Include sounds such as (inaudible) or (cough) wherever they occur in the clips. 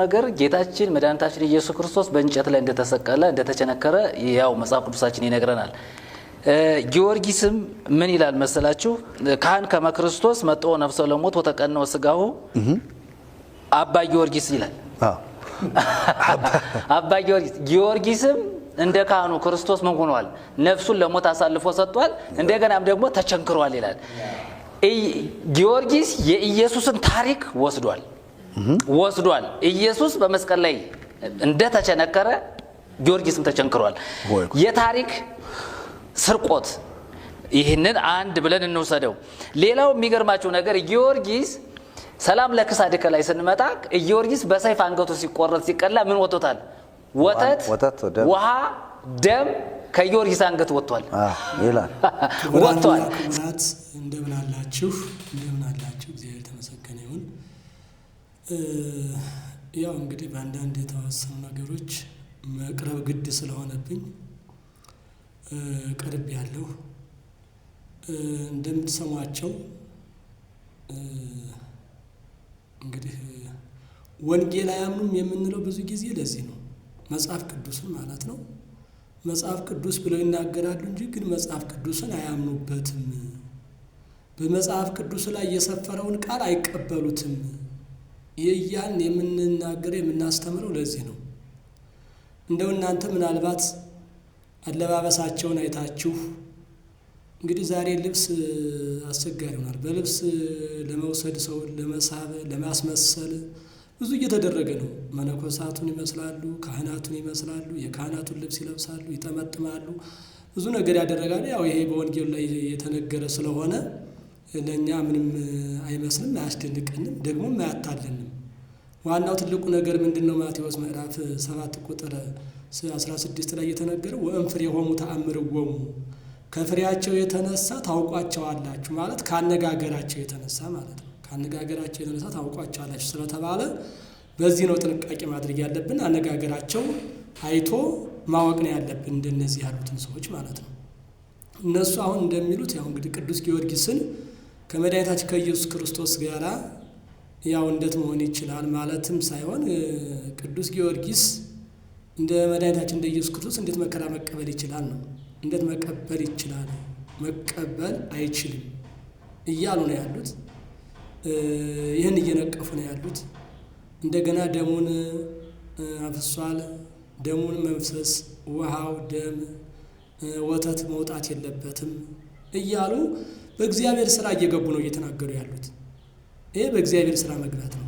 ነገር ጌታችን መድኃኒታችን ኢየሱስ ክርስቶስ በእንጨት ላይ እንደተሰቀለ እንደተቸነከረ ያው መጽሐፍ ቅዱሳችን ይነግረናል። ጊዮርጊስም ምን ይላል መሰላችሁ? ካህን ከመክርስቶስ መጥቶ ነፍሰ ለሞት ወተቀነው ስጋሁ አባ ጊዮርጊስ ይላል። (laughs) አባ ጊዮርጊስ ጊዮርጊስም እንደ ካህኑ ክርስቶስ ምን ሆኗል? ነፍሱን ለሞት አሳልፎ ሰጥቷል። እንደገናም ደግሞ ተቸንክሯል ይላል። ጊዮርጊስ የኢየሱስን ታሪክ ወስዷል። ወስዷል። ኢየሱስ በመስቀል ላይ እንደተቸነከረ ጊዮርጊስም ተቸንክሯል። የታሪክ ስርቆት ይህንን አንድ ብለን እንውሰደው። ሌላው የሚገርማቸው ነገር ጊዮርጊስ ሰላም ለክሳድከ ላይ ስንመጣ ጊዮርጊስ በሰይፍ አንገቱ ሲቆረጥ ሲቀላ ምን ወጥቶታል? ወተት፣ ውሃ፣ ደም ከጊዮርጊስ አንገት ወጥቷል ወጥቷል። እንደምን አላችሁ? ያው እንግዲህ በአንዳንድ የተወሰኑ ነገሮች መቅረብ ግድ ስለሆነብኝ ቅርብ ያለው እንደምትሰሟቸው እንግዲህ ወንጌል አያምኑም የምንለው ብዙ ጊዜ ለዚህ ነው መጽሐፍ ቅዱስን ማለት ነው። መጽሐፍ ቅዱስ ብለው ይናገራሉ እንጂ ግን መጽሐፍ ቅዱስን አያምኑበትም። በመጽሐፍ ቅዱስ ላይ የሰፈረውን ቃል አይቀበሉትም እያን የምንናገር የምናስተምረው ለዚህ ነው። እንደው እናንተ ምናልባት አለባበሳቸውን አይታችሁ እንግዲህ ዛሬ ልብስ አስቸጋሪ ይሆናል። በልብስ ለመውሰድ ሰውን ለመሳብ ለማስመሰል ብዙ እየተደረገ ነው። መነኮሳቱን ይመስላሉ፣ ካህናቱን ይመስላሉ፣ የካህናቱን ልብስ ይለብሳሉ፣ ይጠመጥማሉ፣ ብዙ ነገር ያደረጋሉ። ያው ይሄ በወንጌል ላይ የተነገረ ስለሆነ ለእኛ ምንም አይመስልም አያስደንቀንም ደግሞ አያታልልንም። ዋናው ትልቁ ነገር ምንድነው? ማቴዎስ ምዕራፍ ሰባት ቁጥር አስራ ስድስት ላይ የተነገረው ተአምር ወሙ ከፍሬያቸው የተነሳ ታውቋቸዋላችሁ ማለት ካነጋገራቸው የተነሳ ማለት ነው። ካነጋገራቸው የተነሳ ታውቋቸዋላችሁ ስለተባለ በዚህ ነው ጥንቃቄ ማድረግ ያለብን። አነጋገራቸው አይቶ ማወቅ ነው ያለብን እንደነዚህ ያሉትን ሰዎች ማለት ነው። እነሱ አሁን እንደሚሉት ያው እንግዲህ ቅዱስ ጊዮርጊስን ከመድኃኒታችን ከኢየሱስ ክርስቶስ ጋር ያው እንዴት መሆን ይችላል ማለትም ሳይሆን ቅዱስ ጊዮርጊስ እንደ መድኃኒታችን እንደ ኢየሱስ ክርስቶስ እንዴት መከራ መቀበል ይችላል ነው። እንዴት መቀበል ይችላል መቀበል አይችልም እያሉ ነው ያሉት። ይህን እየነቀፉ ነው ያሉት። እንደገና ደሙን አፍሷል። ደሙን መፍሰስ ውሃው ደም ወተት መውጣት የለበትም እያሉ በእግዚአብሔር ስራ እየገቡ ነው እየተናገሩ ያሉት። ይህ በእግዚአብሔር ስራ መግባት ነው።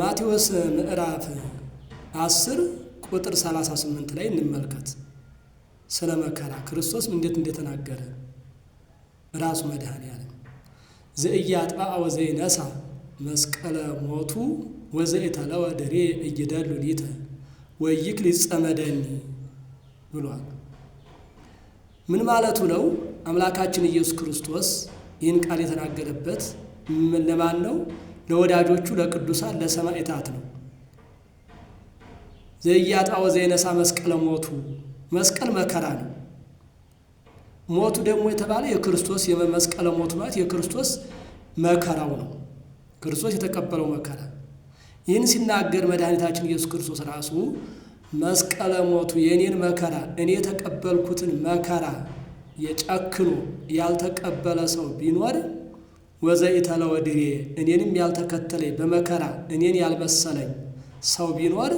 ማቴዎስ ምዕራፍ 10 ቁጥር 38 ላይ እንመልከት። ስለ መከራ ክርስቶስ እንዴት እንደተናገረ ራሱ መድኃኔ ዓለም ዘኢያጥባአ ወዘኢነሣ መስቀለ ሞቱ ወዘኢተለወ ድሬ እይደሉ ሊተ ወይክ ሊጸመደኒ ብሏል። ምን ማለቱ ነው? አምላካችን ኢየሱስ ክርስቶስ ይህን ቃል የተናገረበት ለማን ነው? ለወዳጆቹ ለቅዱሳን ለሰማዕታት ነው። ዘያጣው ዘይነሳ መስቀለ ሞቱ መስቀል መከራ ነው። ሞቱ ደግሞ የተባለ የክርስቶስ የመስቀለ ሞቱ ማለት የክርስቶስ መከራው ነው። ክርስቶስ የተቀበለው መከራ ይህን ሲናገር መድኃኒታችን ኢየሱስ ክርስቶስ ራሱ መስቀለ ሞቱ የእኔን መከራ እኔ የተቀበልኩትን መከራ የጨክኖ ያልተቀበለ ሰው ቢኖር ወዘኢተለ ወድሬ እኔንም ያልተከተለኝ በመከራ እኔን ያልመሰለኝ ሰው ቢኖር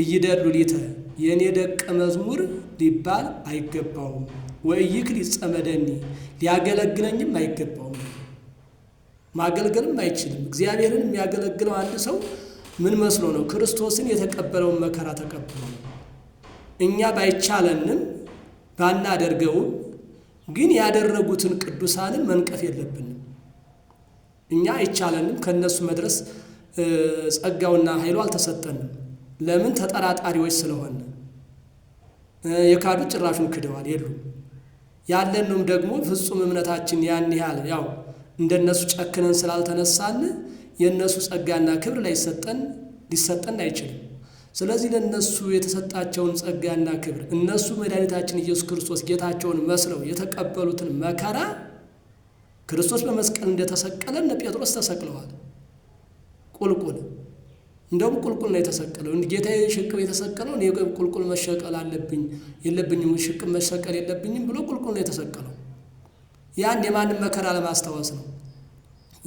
እይደሉ ሊተ የእኔ ደቀ መዝሙር ሊባል አይገባውም። ወይክ ሊጸመደኒ ሊያገለግለኝም አይገባውም። ማገልገልም አይችልም። እግዚአብሔርን የሚያገለግለው አንድ ሰው ምን መስሎ ነው? ክርስቶስን የተቀበለውን መከራ ተቀብሎ እኛ ባይቻለንም ባናደርገውም ግን ያደረጉትን ቅዱሳንን መንቀፍ የለብንም። እኛ አይቻለንም፣ ከእነሱ መድረስ ጸጋውና ኃይሉ አልተሰጠንም። ለምን? ተጠራጣሪዎች ስለሆነ የካዱ ጭራሹን ክደዋል የሉም። ያለንም ደግሞ ፍጹም እምነታችን ያን ያህል ያው እንደነሱ ጨክነን ስላልተነሳን የእነሱ ጸጋና ክብር ላይሰጠን ሊሰጠን አይችልም። ስለዚህ ለእነሱ የተሰጣቸውን ጸጋና ክብር እነሱ መድኃኒታችን ኢየሱስ ክርስቶስ ጌታቸውን መስለው የተቀበሉትን መከራ ክርስቶስ በመስቀል እንደተሰቀለ እነ ጴጥሮስ ተሰቅለዋል። ቁልቁል እንደውም ቁልቁል ነው የተሰቀለው። ጌታ ሽቅብ የተሰቀለው እኔ ቁልቁል መሸቀል አለብኝ የለብኝም ሽቅብ መሸቀል የለብኝም ብሎ ቁልቁል ነው የተሰቀለው። ያን የማንም መከራ ለማስታወስ ነው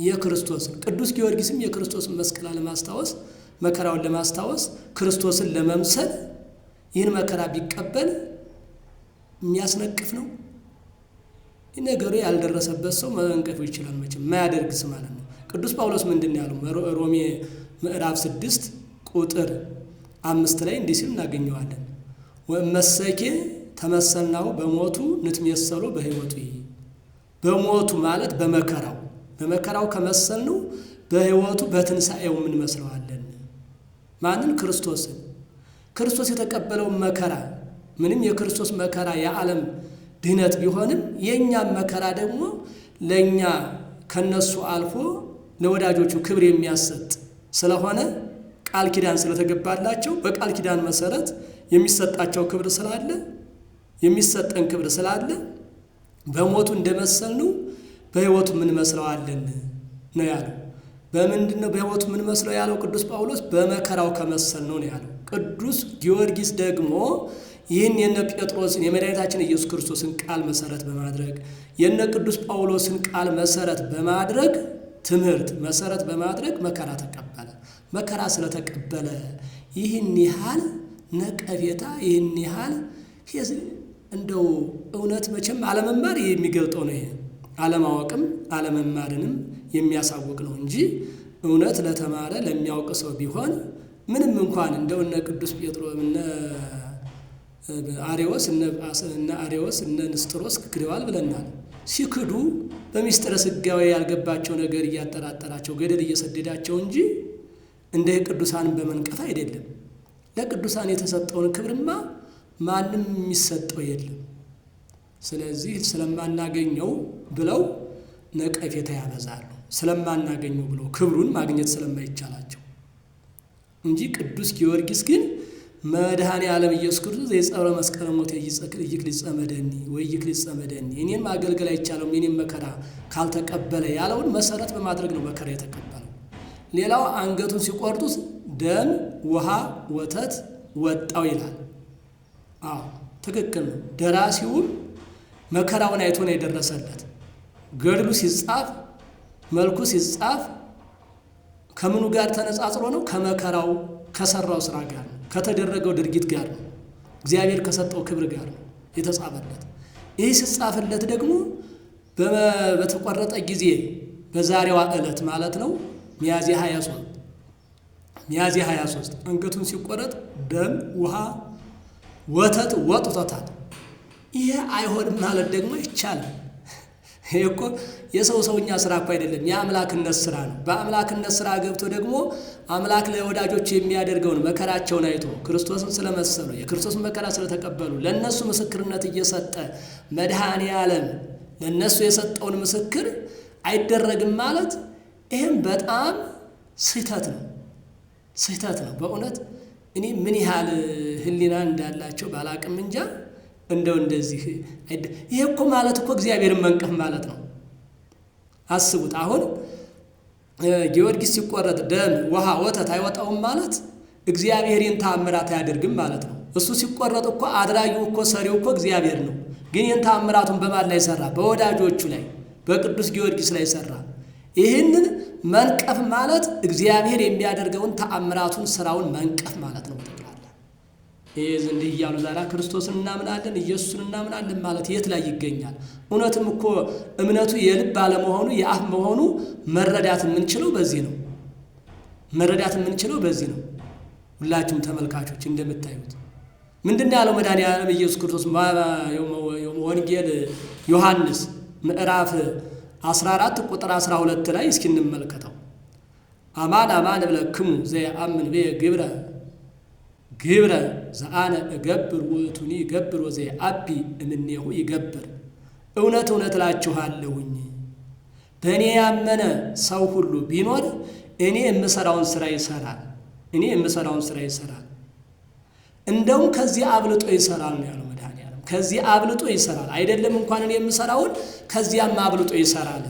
የክርስቶስ ቅዱስ ጊዮርጊስም የክርስቶስን መስቀል ለማስታወስ መከራውን ለማስታወስ ክርስቶስን ለመምሰል ይህን መከራ ቢቀበል የሚያስነቅፍ ነው። ነገሩ ያልደረሰበት ሰው መንቀፍ ይችላል። መቼም ማያደርግስ ማለት ነው። ቅዱስ ጳውሎስ ምንድን ነው ያለው? ሮሜ ምዕራፍ ስድስት ቁጥር አምስት ላይ እንዲህ ሲል እናገኘዋለን። ወመሰኬ ተመሰልናው በሞቱ ንትሜሰሎ በሕይወቱ። በሞቱ ማለት በመከራው በመከራው ከመሰልነው በህይወቱ በትንሣኤው የምንመስለዋለን። ማንን? ክርስቶስን። ክርስቶስ የተቀበለውን መከራ ምንም የክርስቶስ መከራ የዓለም ድህነት ቢሆንም የእኛም መከራ ደግሞ ለእኛ ከነሱ አልፎ ለወዳጆቹ ክብር የሚያሰጥ ስለሆነ ቃል ኪዳን ስለተገባላቸው በቃል ኪዳን መሰረት የሚሰጣቸው ክብር ስላለ የሚሰጠን ክብር ስላለ በሞቱ እንደመሰልነው በሕይወቱ ምን መስለዋለን ነው ያለው። በምንድን ነው ምን መስለው ያለው ቅዱስ ጳውሎስ በመከራው ከመሰል ነው ነው ያለው። ቅዱስ ጊዮርጊስ ደግሞ ይህን የነ ጴጥሮስን የመድኃኒታችን ኢየሱስ ክርስቶስን ቃል መሰረት በማድረግ የነ ቅዱስ ጳውሎስን ቃል መሰረት በማድረግ ትምህርት መሰረት በማድረግ መከራ ተቀበለ። መከራ ስለተቀበለ ይህን ያህል ነቀፌታ፣ ይህን ያህል እንደው እውነት መቼም አለመማር የሚገልጠው ነው ይሄ አለማወቅም አለመማርንም የሚያሳውቅ ነው እንጂ እውነት ለተማረ ለሚያውቅ ሰው ቢሆን ምንም እንኳን እንደው እነ ቅዱስ ጴጥሮ እነ አሬዎስ እነ አሬዎስ እነ ንስጥሮስ ክደዋል ብለናል። ሲክዱ በሚስጥረ ስጋዊ ያልገባቸው ነገር እያጠራጠራቸው ገደል እየሰደዳቸው እንጂ እንደ ቅዱሳን በመንቀፍ አይደለም። ለቅዱሳን የተሰጠውን ክብርማ ማንም የሚሰጠው የለም። ስለዚህ ስለማናገኘው ብለው ነቀፌታ ያበዛሉ ስለማናገኘው ብለው ክብሩን ማግኘት ስለማይቻላቸው እንጂ ቅዱስ ጊዮርጊስ ግን መድኃኔ ዓለም ኢየሱስ ክርስቶስ የጸረ መስቀለ ሞት ኢይክሊጸ መደኒ ወይ መደኒ እኔን ማገልገል አይቻለውም የኔም መከራ ካልተቀበለ ያለውን መሰረት በማድረግ ነው መከራ የተቀበለው። ሌላው አንገቱን ሲቆርጡት ደም፣ ውሃ፣ ወተት ወጣው ይላል። አዎ ትክክል ነው። ደራሲውም መከራውን አይቶ ነው የደረሰለት። ገድሉ ሲጻፍ መልኩ ሲጻፍ ከምኑ ጋር ተነጻጽሮ ነው? ከመከራው ከሰራው ስራ ጋር ነው፣ ከተደረገው ድርጊት ጋር ነው፣ እግዚአብሔር ከሰጠው ክብር ጋር ነው የተጻፈለት። ይህ ሲጻፍለት ደግሞ በተቆረጠ ጊዜ በዛሬዋ ዕለት ማለት ነው ሚያዝያ 23 ሚያዝያ 23 አንገቱን ሲቆረጥ ደም፣ ውሃ፣ ወተት ወጥቶታል። ይህ አይሆንም ማለት ደግሞ ይቻላል። ይሄ እኮ የሰው ሰውኛ ስራ እኮ አይደለም፣ የአምላክነት ስራ ነው። በአምላክነት ስራ ገብቶ ደግሞ አምላክ ለወዳጆች የሚያደርገውን መከራቸውን አይቶ ክርስቶስን ስለመሰሉ የክርስቶስን መከራ ስለተቀበሉ ለእነሱ ምስክርነት እየሰጠ መድኃኔ ዓለም ለእነሱ የሰጠውን ምስክር አይደረግም ማለት ይህም በጣም ስህተት ነው፣ ስህተት ነው በእውነት እኔ ምን ያህል ህሊና እንዳላቸው ባላቅም እንጃ እንደው እንደዚህ ይሄ እኮ ማለት እኮ እግዚአብሔርን መንቀፍ ማለት ነው። አስቡት። አሁን ጊዮርጊስ ሲቆረጥ ደም፣ ውሃ፣ ወተት አይወጣውም ማለት ይህን ተአምራት አያደርግም ማለት ነው። እሱ ሲቆረጥ እኮ አድራጊው እኮ ሰሪው እኮ እግዚአብሔር ነው። ግን ይህን ተአምራቱን በማን ላይ ሰራ? በወዳጆቹ ላይ በቅዱስ ጊዮርጊስ ላይ ሰራ። ይህንን መንቀፍ ማለት እግዚአብሔር የሚያደርገውን ተአምራቱን ስራውን መንቀፍ ማለት ነው። እንዲህ እያሉ ዛሬ ክርስቶስን እናምናለን ኢየሱስን እናምናለን ማለት የት ላይ ይገኛል? እውነትም እኮ እምነቱ የልብ አለመሆኑ የአፍ መሆኑ መረዳት የምንችለው በዚህ ነው። መረዳት የምንችለው በዚህ ነው። ሁላችሁም ተመልካቾች እንደምታዩት ምንድን ነው ያለው መድኃኔ ዓለም ኢየሱስ ክርስቶስ ወንጌል ዮሐንስ ምዕራፍ 14 ቁጥር 12 ላይ እስኪ እንመልከተው። አማን አማን እብለክሙ ዘየአምን ብየ ግብረ ግብረ ዘአነ እገብር ውእቱኒ ይገብር ወዘየአቢ እምኔሁ ይገብር። እውነት እውነት እላችኋለሁኝ በእኔ ያመነ ሰው ሁሉ ቢኖር እኔ የምሰራውን ስራ ይሰራል፣ እኔ የምሰራውን ስራ ይሰራል። እንደውም ከዚህ አብልጦ ይሰራል ነው ያለው መድኃኒዓለም። ከዚህ አብልጦ ይሰራል አይደለም እንኳን እኔ የምሰራውን ከዚያም አብልጦ ይሰራል።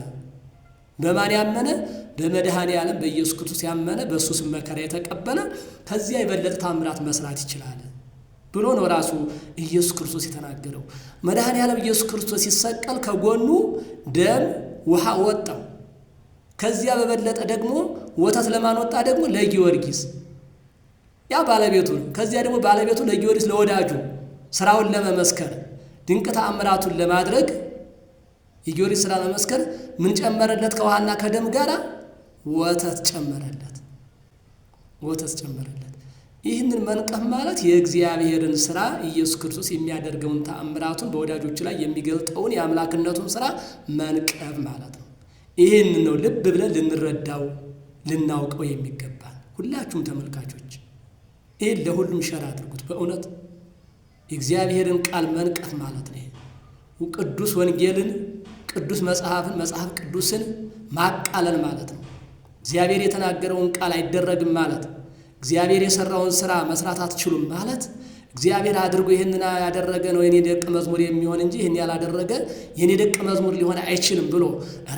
በማን ያመነ በመድኃኔ ዓለም በኢየሱስ ክርስቶስ ያመነ በእሱ ስም መከራ የተቀበለ ከዚያ የበለጠ ታምራት መስራት ይችላል ብሎ ነው ራሱ ኢየሱስ ክርስቶስ የተናገረው። መድኃኔ ዓለም ኢየሱስ ክርስቶስ ሲሰቀል ከጎኑ ደም ውሃ ወጣው። ከዚያ በበለጠ ደግሞ ወተት ለማን ወጣ? ደግሞ ለጊዮርጊስ ያ ባለቤቱ ነው። ከዚያ ደግሞ ባለቤቱ ለጊዮርጊስ ለወዳጁ ስራውን ለመመስከር ድንቅ ተአምራቱን ለማድረግ የጊዮርጊስ ስራ ለመመስከር ምን ጨመረለት? ከውሃና ከደም ጋራ ወተት ጨመረለት፣ ወተት ጨመረለት። ይህንን መንቀፍ ማለት የእግዚአብሔርን ስራ ኢየሱስ ክርስቶስ የሚያደርገውን ተአምራቱን በወዳጆቹ ላይ የሚገልጠውን የአምላክነቱን ስራ መንቀፍ ማለት ነው። ይህን ነው ልብ ብለን ልንረዳው ልናውቀው የሚገባ። ሁላችሁም ተመልካቾች ይህን ለሁሉም ሸር አድርጉት። በእውነት የእግዚአብሔርን ቃል መንቀፍ ማለት ነው። ቅዱስ ወንጌልን፣ ቅዱስ መጽሐፍን፣ መጽሐፍ ቅዱስን ማቃለል ማለት ነው። እግዚአብሔር የተናገረውን ቃል አይደረግም ማለት፣ እግዚአብሔር የሰራውን ስራ መስራት አትችሉም ማለት፣ እግዚአብሔር አድርጎ ይህንን ያደረገ ነው የኔ ደቀ መዝሙር የሚሆን እንጂ ይህን ያላደረገ የኔ ደቀ መዝሙር ሊሆን አይችልም ብሎ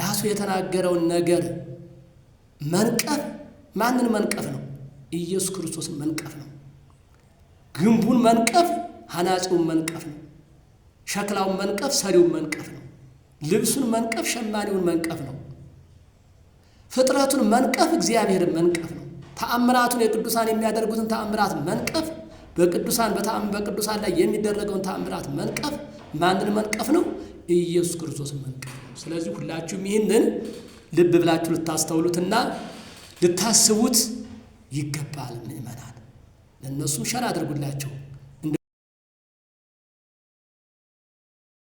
ራሱ የተናገረውን ነገር መንቀፍ ማንን መንቀፍ ነው? ኢየሱስ ክርስቶስን መንቀፍ ነው። ግንቡን መንቀፍ፣ ሐናጺውን መንቀፍ ነው። ሸክላውን መንቀፍ፣ ሰሪውን መንቀፍ ነው። ልብሱን መንቀፍ፣ ሸማኔውን መንቀፍ ነው። ፍጥረቱን መንቀፍ እግዚአብሔርን መንቀፍ ነው። ተአምራቱን የቅዱሳን የሚያደርጉትን ተአምራት መንቀፍ፣ በቅዱሳን በቅዱሳን ላይ የሚደረገውን ተአምራት መንቀፍ ማንን መንቀፍ ነው? ኢየሱስ ክርስቶስን መንቀፍ ነው። ስለዚህ ሁላችሁም ይህንን ልብ ብላችሁ ልታስተውሉትና ልታስቡት ይገባል። ምእመናን ለእነሱም ሸር አድርጉላቸው።